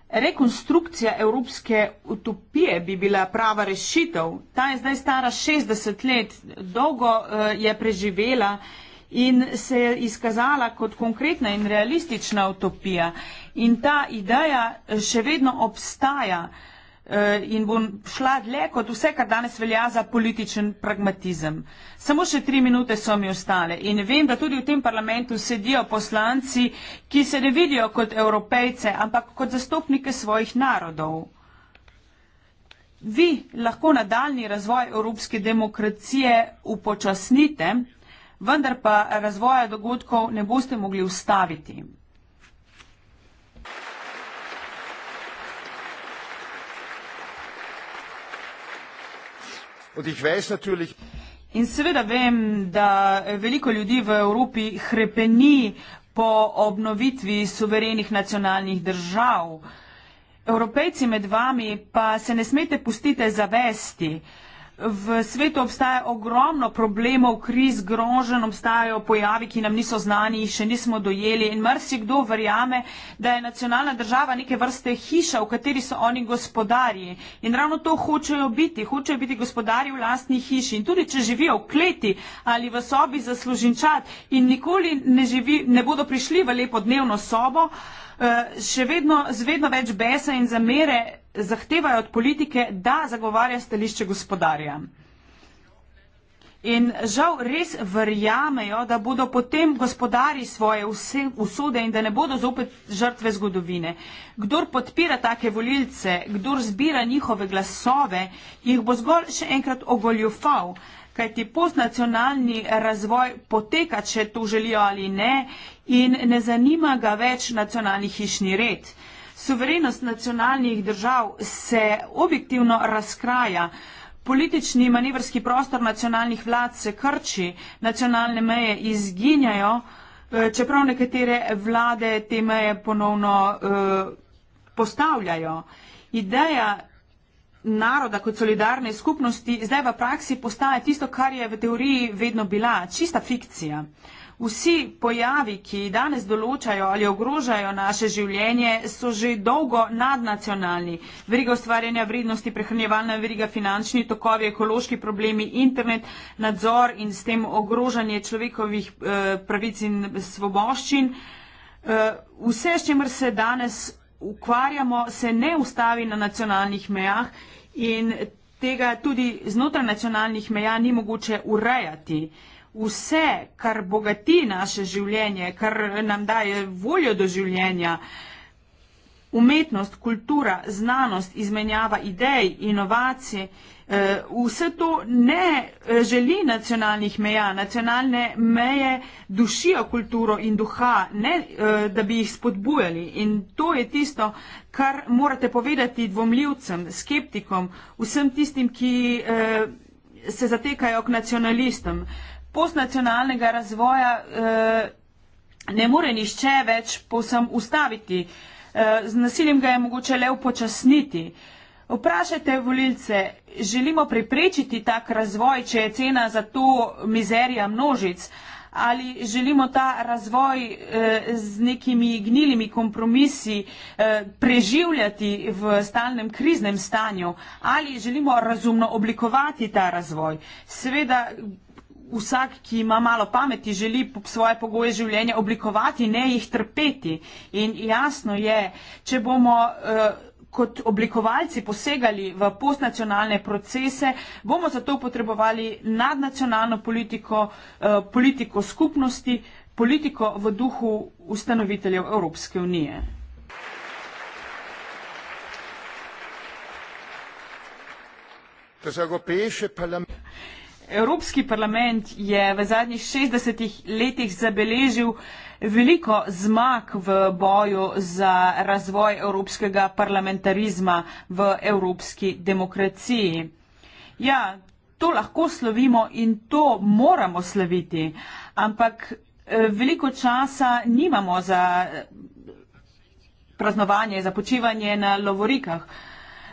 Rekonstrukcija evropske utopije bi bila prava rešitev. Ta je zdaj stara 60 let, dolgo eh, je preživela in se je izkazala kot konkretna in realistična utopija. In ta ideja eh, še vedno obstaja. Eh, in bom šla dlje kot vse, kar danes velja za političen pragmatizem. Samo še tri minute so mi ostale in vem, da tudi v tem parlamentu sedijo poslanci, ki se ne vidijo kot evropejce, ampak kot zastopnike svojih narodov. Vi lahko nadaljni razvoj evropske demokracije upočasnite, vendar pa razvoja dogodkov ne boste mogli ustaviti. In seveda vem, da veliko ljudi v Evropi hrepeni po obnovitvi suverenih nacionalnih držav. Evropejci med vami pa se ne smete pustiti zavesti. V svetu obstaja ogromno problemov, kriz, groženj, obstajajo pojavi, ki nam niso znani, jih še nismo dojeli in mrsikdo verjame, da je nacionalna država neke vrste hiša, v kateri so oni gospodarji. In ravno to hočejo biti, hočejo biti gospodarji v lastni hiši. In tudi, če živijo v kleti ali v sobi za služinčat in nikoli ne, živi, ne bodo prišli v lepo dnevno sobo, eh, še vedno z vedno več besa in zamere zahtevajo od politike, da zagovarja stališče gospodarja. In žal res verjamejo, da bodo potem gospodari svoje vse, usode in da ne bodo zopet žrtve zgodovine. Kdor podpira take volilce, kdor zbira njihove glasove, jih bo zgolj še enkrat ogoljufal, kajti postnacionalni razvoj poteka, če to želijo ali ne, in ne zanima ga več nacionalni hišni red. Soverenost nacionalnih držav se objektivno razkraja. Politični manevrski prostor nacionalnih vlad se krči, nacionalne meje izginjajo, eh, čeprav nekatere vlade te meje ponovno eh, postavljajo. Ideja naroda kot solidarne skupnosti zdaj v praksi postaja tisto, kar je v teoriji vedno bila, čista fikcija. Vsi pojavi, ki danes določajo ali ogrožajo naše življenje, so že dolgo nadnacionalni. Veriga ustvarjanja vrednosti, prehranjevalna veriga, finančni tokovi, ekološki problemi, internet, nadzor in s tem ogrožanje človekovih eh, pravic in svoboščin. Eh, vse, s čemer se danes ukvarjamo, se ne ustavi na nacionalnih mejah in tega tudi znotraj nacionalnih meja ni mogoče urejati. Eh, vse, kar bogati naše življenje, kar nam daje voljo do življenja. Umetnost, kultura, znanost, izmenjava idej, inovacije, eh, vse to ne eh, želi nacionalnih meja. Nacionalne meje dušijo kulturo in duha, ne eh, da bi jih spodbujali. In to je tisto, kar morate povedati dvomljivcem, skeptikom, vsem tistim, ki se zatekajo k nacionalistom postnacionalnega razvoja eh, ne more nišče več posem ustaviti. Eh, z nasiljem ga je mogoče le upočasniti. Vprašajte volilce, želimo preprečiti tak razvoj, če je cena za to mizerija množic, ali želimo ta razvoj eh, z nekimi gnilimi kompromisi preživljati v stalnem kriznem stanju, ali želimo razumno oblikovati ta razvoj. Seveda vsak, ki ima malo pameti, želi svoje pogoje življenja oblikovati, ne jih trpeti. In jasno je, če bomo. Uh, kot oblikovalci posegali v postnacionalne procese, bomo zato potrebovali nadnacionalno politiko, eh, politiko skupnosti, politiko v duhu ustanoviteljev Evropske unije. Das Europäische Parlament. Evropski parlament je v zadnjih 60 letih zabeležil veliko zmag v boju za razvoj evropskega parlamentarizma v evropski demokraciji. Ja, to lahko slovimo in to moramo sloviti, ampak eh, veliko časa nimamo za eh, praznovanje, za počivanje na lovorikah.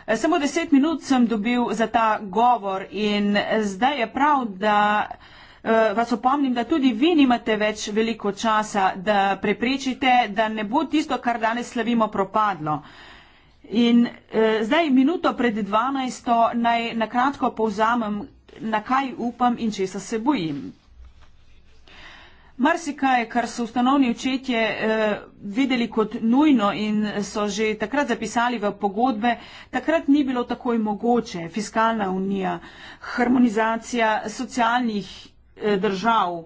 Eh, samo deset minut sem dobil za ta govor in eh, zdaj je prav, da eh, vas opomnim, da tudi vi nimate več veliko časa, da preprečite, da ne bo tisto, kar danes slavimo, propadlo. In zdaj minuto pred dvanajsto naj nakratko povzamem, na kaj upam in česa se bojim. Marsikaj, kar so ustanovni očetje eh, videli kot nujno in so že takrat zapisali v pogodbe, takrat ni bilo takoj mogoče. Fiskalna unija, harmonizacija socialnih eh, držav,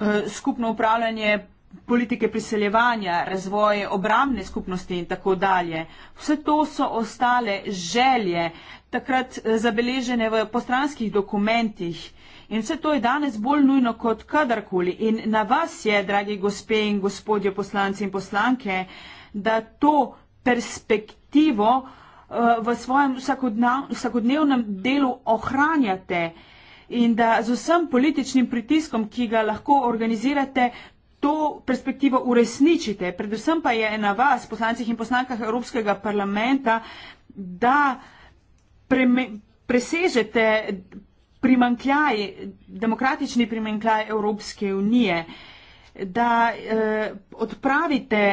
eh, skupno upravljanje politike priseljevanja, razvoj obramne skupnosti in tako dalje. Vse to so ostale želje, takrat eh, zabeležene v postranskih dokumentih, In vse to je danes bolj nujno kot kadarkoli. In na vas je, dragi gospe in gospodje poslanci in poslanke, da to perspektivo uh, v svojem vsakodnevnem delu ohranjate in da z vsem političnim pritiskom, ki ga lahko organizirate, to perspektivo uresničite. Predvsem pa je na vas, poslancih in poslankah Evropskega parlamenta, da preme, presežete primankljaj, demokratični primankljaj Evropske unije, da eh, odpravite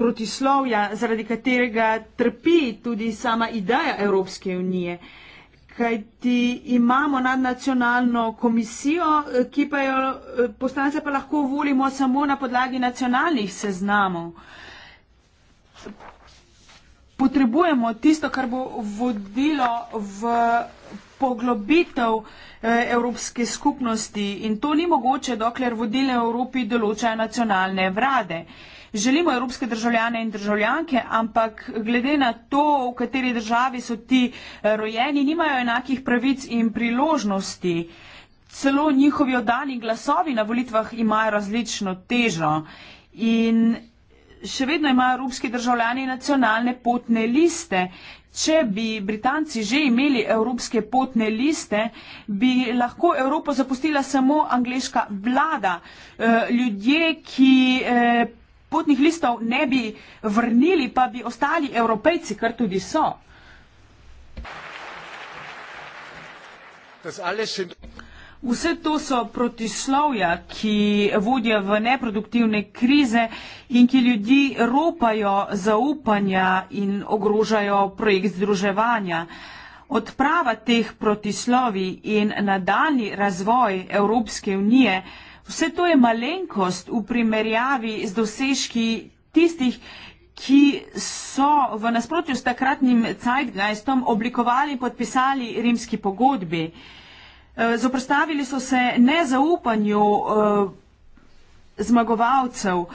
protislovja, zaradi katerega trpi tudi sama ideja Evropske unije. Kajti imamo nadnacionalno komisijo, eh, ki pa jo eh, poslance pa lahko volimo samo na podlagi nacionalnih seznamov. Potrebujemo tisto, kar bo vodilo v poglobitev eh, Evropske skupnosti in to ni mogoče, dokler vodile Evropi določajo nacionalne vrade. Želimo evropske državljane in državljanke, ampak glede na to, v kateri državi so ti eh, rojeni, nimajo enakih pravic in priložnosti. Celo njihovi odani glasovi na volitvah imajo različno težo. In še vedno imajo evropski državljani nacionalne potne liste. Če bi Britanci že imeli evropske potne liste, bi lahko Evropo zapustila samo angliška vlada. Eh, ljudje, ki eh, potnih listov ne bi vrnili, pa bi ostali evropejci, kar tudi so. Das alles sind... Vse to so protislovja, ki vodijo v neproduktivne krize in ki ljudi ropajo zaupanja in ogrožajo projekt združevanja. Odprava teh protislovi in nadaljni razvoj Evropske unije, vse to je malenkost v primerjavi z dosežki tistih, ki so v nasprotju s takratnim Zeitgeistom oblikovali in podpisali rimski pogodbi. Eh, zoprstavili so se nezaupanju uh, zmagovalcev, uh,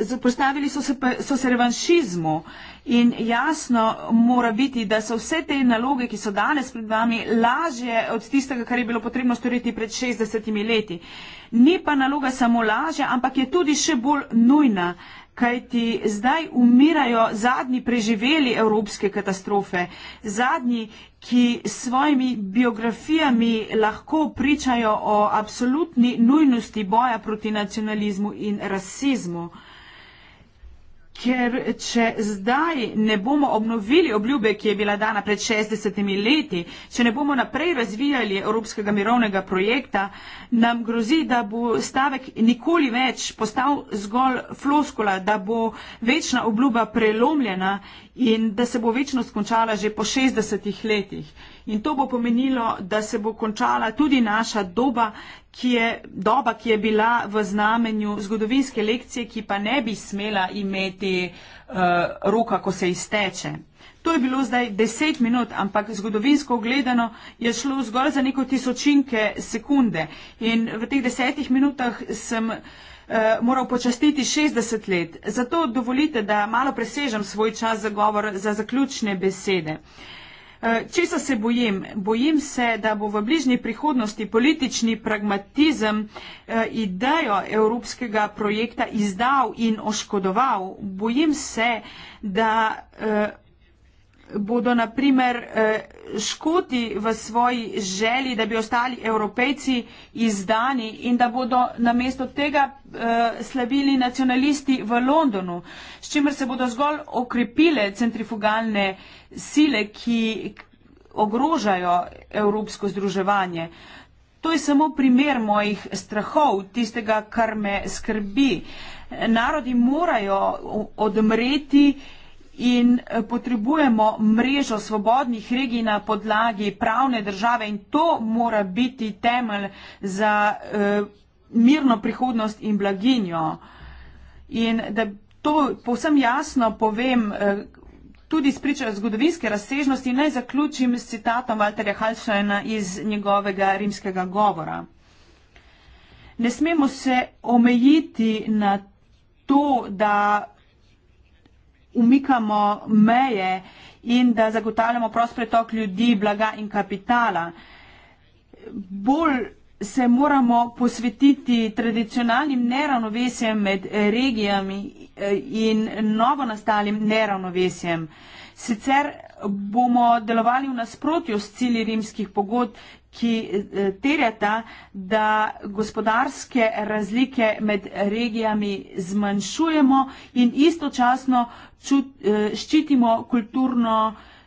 zoprstavili so se, so se revanšizmu in jasno mora biti, da so vse te naloge, ki so danes pred vami, lažje od tistega, kar je bilo potrebno storiti pred 60 leti. Ni pa naloga samo lažja, ampak je tudi še bolj nujna kajti zdaj umirajo zadnji preživeli evropske katastrofe, zadnji, ki s svojimi biografijami lahko pričajo o absolutni nujnosti boja proti nacionalizmu in rasizmu. Ker če zdaj ne bomo obnovili obljube, ki je bila dana pred 60 leti, če ne bomo naprej razvijali evropskega mirovnega projekta, nam grozi, da bo stavek nikoli več postal zgolj floskola, da bo večna obljuba prelomljena in da se bo večno skončala že po 60 letih in to bo pomenilo, da se bo končala tudi naša doba, ki je, doba, ki je bila v znamenju zgodovinske lekcije, ki pa ne bi smela imeti uh, roka, ko se izteče. To je bilo zdaj deset minut, ampak zgodovinsko gledano je šlo zgolj za neko tisočinke sekunde. In v teh desetih minutah sem eh, moral počastiti 60 let. Zato dovolite, da malo presežem svoj čas za govor, za zaključne besede. Eh, Eh, česa se bojim? Bojim se, da bo v bližnji prihodnosti politični pragmatizem eh, idejo evropskega projekta izdal in oškodoval. Bojim se, da eh, bodo naprimer eh, škoti v svoji želi, da bi ostali evropejci izdani in da bodo namesto tega eh, slavili nacionalisti v Londonu, s čimer se bodo zgolj okrepile centrifugalne sile, ki ogrožajo evropsko združevanje. To je samo primer mojih strahov, tistega, kar me skrbi. Narodi morajo odmreti, in eh, potrebujemo mrežo svobodnih regij na podlagi pravne države in to mora biti temelj za uh, mirno prihodnost in blaginjo. In da to povsem jasno povem, eh, tudi s pričajo zgodovinske razsežnosti, naj zaključim s citatom Walterja Halsena iz njegovega rimskega govora. Ne smemo se omejiti na to, da umikamo meje in da zagotavljamo prost pretok ljudi, blaga in kapitala. Bolj se moramo posvetiti tradicionalnim neravnovesjem med regijami eh, in novo nastalim neravnovesjem. Sicer bomo delovali v nasprotju s cilji rimskih pogod, ki eh, terjata, da gospodarske razlike med regijami zmanjšujemo in istočasno eh, ščitimo kulturno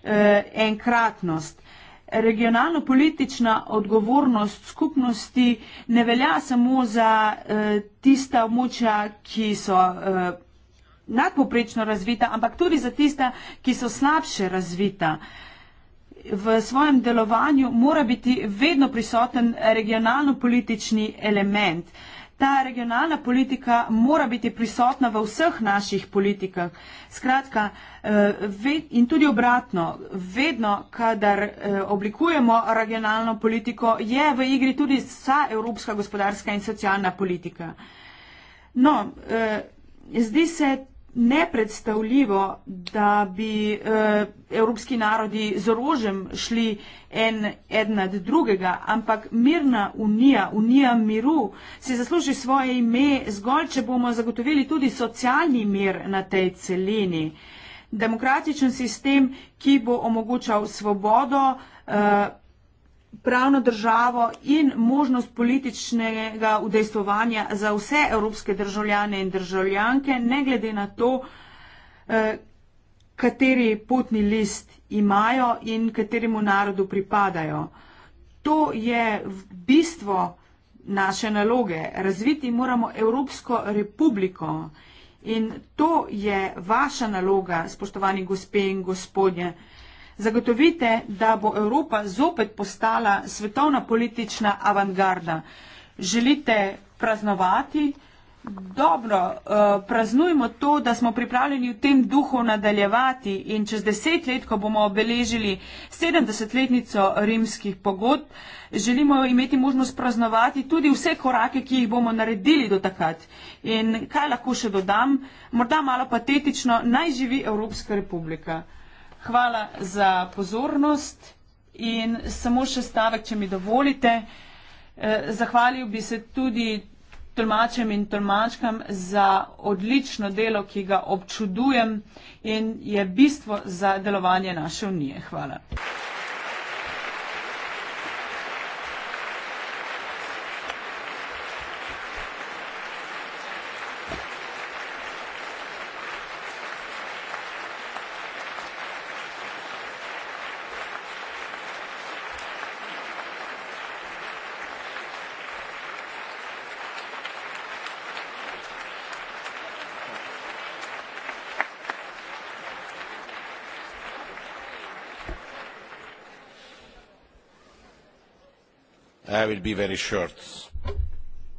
eh, enkratnost. Regionalno politična odgovornost skupnosti ne velja samo za tista območja, ki so nadpoprečno razvita, ampak tudi za tista, ki so slabše razvita v svojem delovanju mora biti vedno prisoten regionalno-politični element. Ta regionalna politika mora biti prisotna v vseh naših politikah. Skratka, eh, in tudi obratno, vedno, kadar eh, oblikujemo regionalno politiko, je v igri tudi vsa evropska gospodarska in socialna politika. No, eh, zdi se nepredstavljivo, da bi eh, evropski narodi z orožjem šli en, en nad drugega, ampak mirna unija, unija miru, si zasluži svoje ime zgolj, če bomo zagotovili tudi socialni mir na tej celini. Demokratičen sistem, ki bo omogočal svobodo, eh, pravno državo in možnost političnega udejstvovanja za vse evropske državljane in državljanke, ne glede na to, eh, kateri potni list imajo in kateremu narodu pripadajo. To je bistvo naše naloge. Razviti moramo Evropsko republiko in to je vaša naloga, spoštovani gospe in gospodje zagotovite, da bo Evropa zopet postala svetovna politična avangarda. Želite praznovati? Dobro, eh, praznujmo to, da smo pripravljeni v tem duhu nadaljevati in čez deset let, ko bomo obeležili 70-letnico rimskih pogod, želimo imeti možnost praznovati tudi vse korake, ki jih bomo naredili do takrat. In kaj lahko še dodam, morda malo patetično, naj živi Evropska republika. Hvala za pozornost in samo še stavek, če mi dovolite. Eh, zahvalil bi se tudi tolmačem in tolmačkam za odlično delo, ki ga občudujem in je bistvo za delovanje naše unije. Hvala.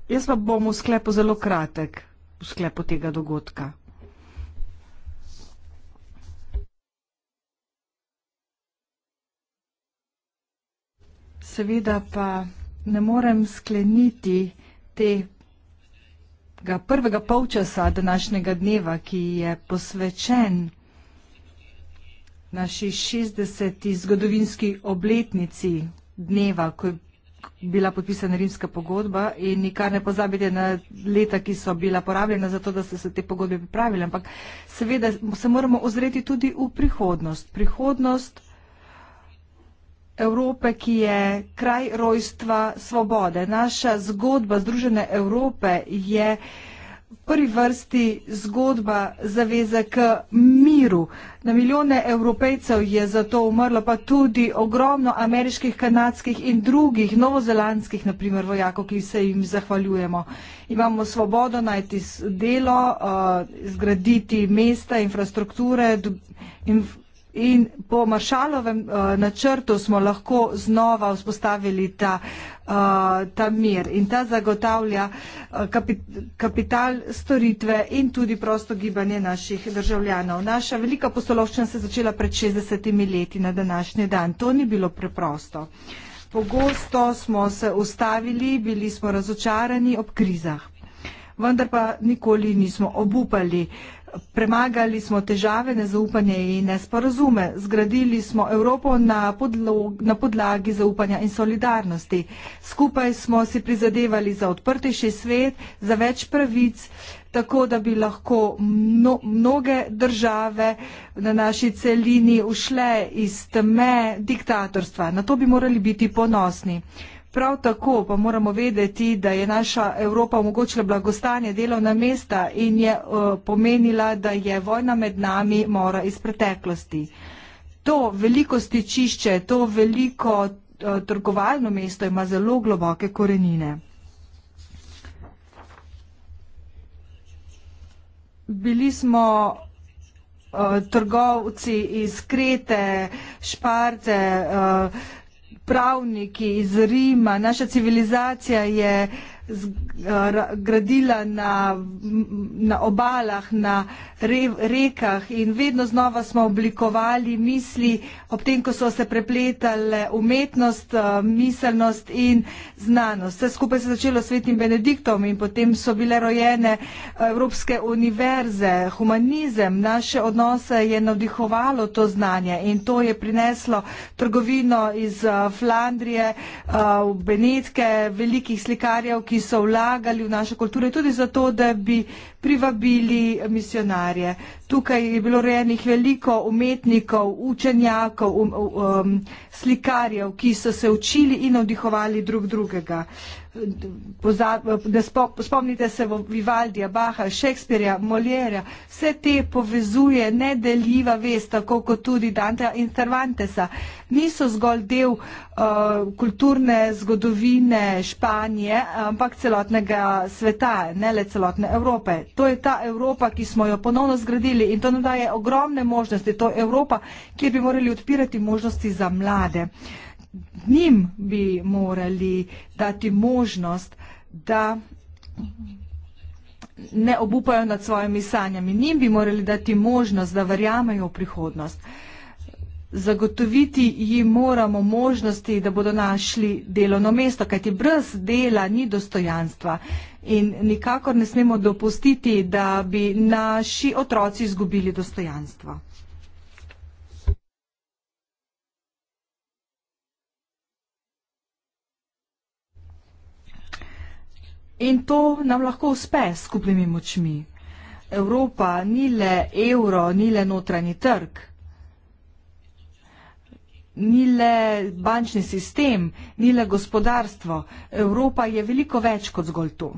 Jaz pa bom v sklepu zelo kratek, v sklepu tega dogodka. Seveda pa ne morem skleniti tega prvega polčasa današnjega dneva, ki je posvečen naši 60. zgodovinski obletnici dneva, ko je bila podpisana rimska pogodba in nikar ne pozabite na leta, ki so bila porabljena za to, da so se te pogodbe pripravile. Ampak seveda se moramo ozreti tudi v prihodnost. Prihodnost Evrope, ki je kraj rojstva svobode. Naša zgodba Združene Evrope je uh, prvi vrsti zgodba zaveze k miru. Na milijone evropejcev je zato umrlo, pa tudi ogromno ameriških, kanadskih in drugih, novozelandskih, naprimer, vojakov, ki se jim zahvaljujemo. Imamo svobodo najti delo, uh, zgraditi mesta, infrastrukture, inf In po maršalovem uh, načrtu smo lahko znova vzpostavili ta, uh, ta mir in ta zagotavlja uh, kapit kapital storitve in tudi prosto gibanje naših državljanov. Naša velika postolovščina se je začela pred 60 leti na današnji dan. To ni bilo preprosto. Pogosto smo se ustavili, bili smo razočarani ob krizah, vendar pa nikoli nismo obupali. Uh, Premagali smo težave, nezaupanje in nesporazume. Zgradili smo Evropo na, podlog, na podlagi zaupanja in solidarnosti. Skupaj smo si prizadevali za odprtejši svet, za več pravic, tako da bi lahko mno, mnoge države na naši celini ušle iz teme diktatorstva. Na to bi morali biti ponosni. Prav tako pa moramo vedeti, da je naša Evropa omogočila blagostanje delovna mesta in je uh, pomenila, da je vojna med nami mora iz preteklosti. To veliko stičišče, to veliko uh, trgovalno mesto ima zelo globoke korenine. Bili smo uh, trgovci iz Krete, Šparce. Uh, pravniki iz Rima, naša civilizacija je uh, Eh, gradila na, na obalah, na rekah in vedno znova smo oblikovali misli, ob tem, ko so se prepletale umetnost, eh, miselnost in znanost. Vse skupaj se je začelo s svetim Benediktom in potem so bile rojene eh, Evropske univerze, humanizem, naše odnose je navdihovalo to znanje in to je prineslo trgovino iz Flandrije v Benetke, velikih slikarjev, ki so vlagali v našo kulturo, tudi zato, da bi privabili misionarje. Tukaj je bilo rejenih veliko umetnikov, učenjakov, um, um, slikarjev, ki so se učili in navdihovali drug drugega. Uh, Pozad, spo, spomnite se Vivaldija, Baha, Šekspirja, Molierja, vse te povezuje nedeljiva vest, tako kot tudi Dante in Cervantesa. Niso zgolj del uh, kulturne zgodovine Španije, ampak celotnega sveta, ne le celotne Evrope. To je ta Evropa, ki smo jo ponovno zgradili in to nam daje ogromne možnosti. To je Evropa, kjer bi morali odpirati možnosti za mlade. Uh, njim bi morali dati možnost, da ne obupajo nad svojimi sanjami. Njim bi morali dati možnost, da verjamejo v prihodnost. Zagotoviti jim moramo možnosti, da bodo našli delovno mesto, kajti brez dela ni dostojanstva. In nikakor ne smemo dopustiti, da bi naši otroci izgubili dostojanstvo. In to nam lahko uspe s skupnimi močmi. Evropa ni le evro, ni le notranji trg, ni le bančni sistem, ni le gospodarstvo. Evropa je veliko več kot zgolj to.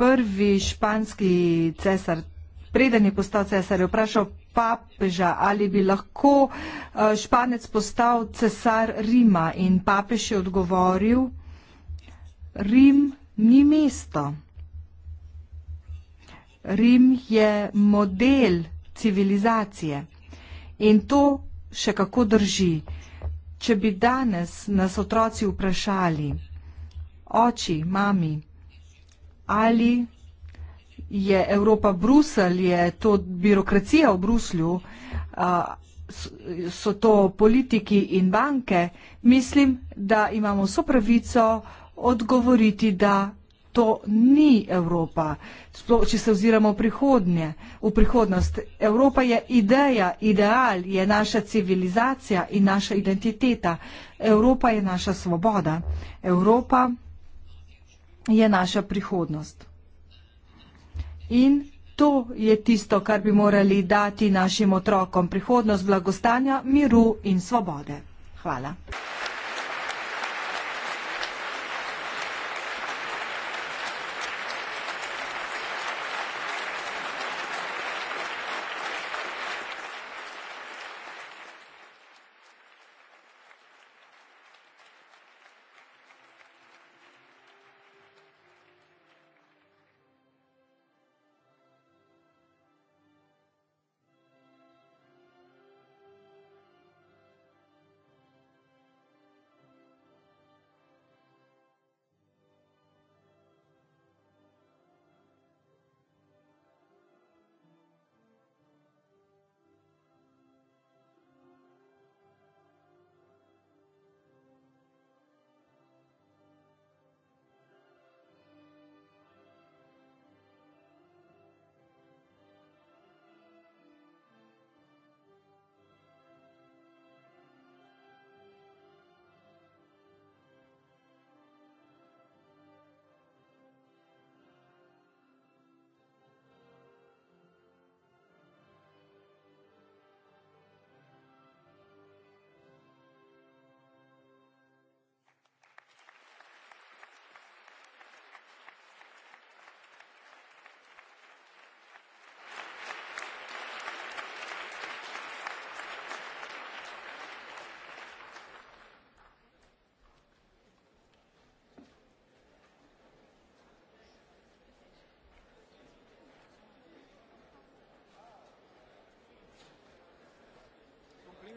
Prvi španski cesar preden je postal cesar, je vprašal papeža, ali bi lahko eh, španec postal cesar Rima. In papež je odgovoril, Rim ni mesto. Rim je model civilizacije. In to še kako drži. Če bi danes nas otroci vprašali, oči, mami, ali je Evropa Brusel, je to birokracija v Bruslju, so to politiki in banke, mislim, da imamo vso pravico odgovoriti, da to ni Evropa, sploh če se oziramo v, prihodnje, v prihodnost. Evropa je ideja, ideal, je naša civilizacija in naša identiteta. Evropa je naša svoboda. Evropa je naša prihodnost. In to je tisto, kar bi morali dati našim otrokom prihodnost blagostanja, miru in svobode. Hvala.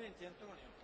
Complimenti Antonio.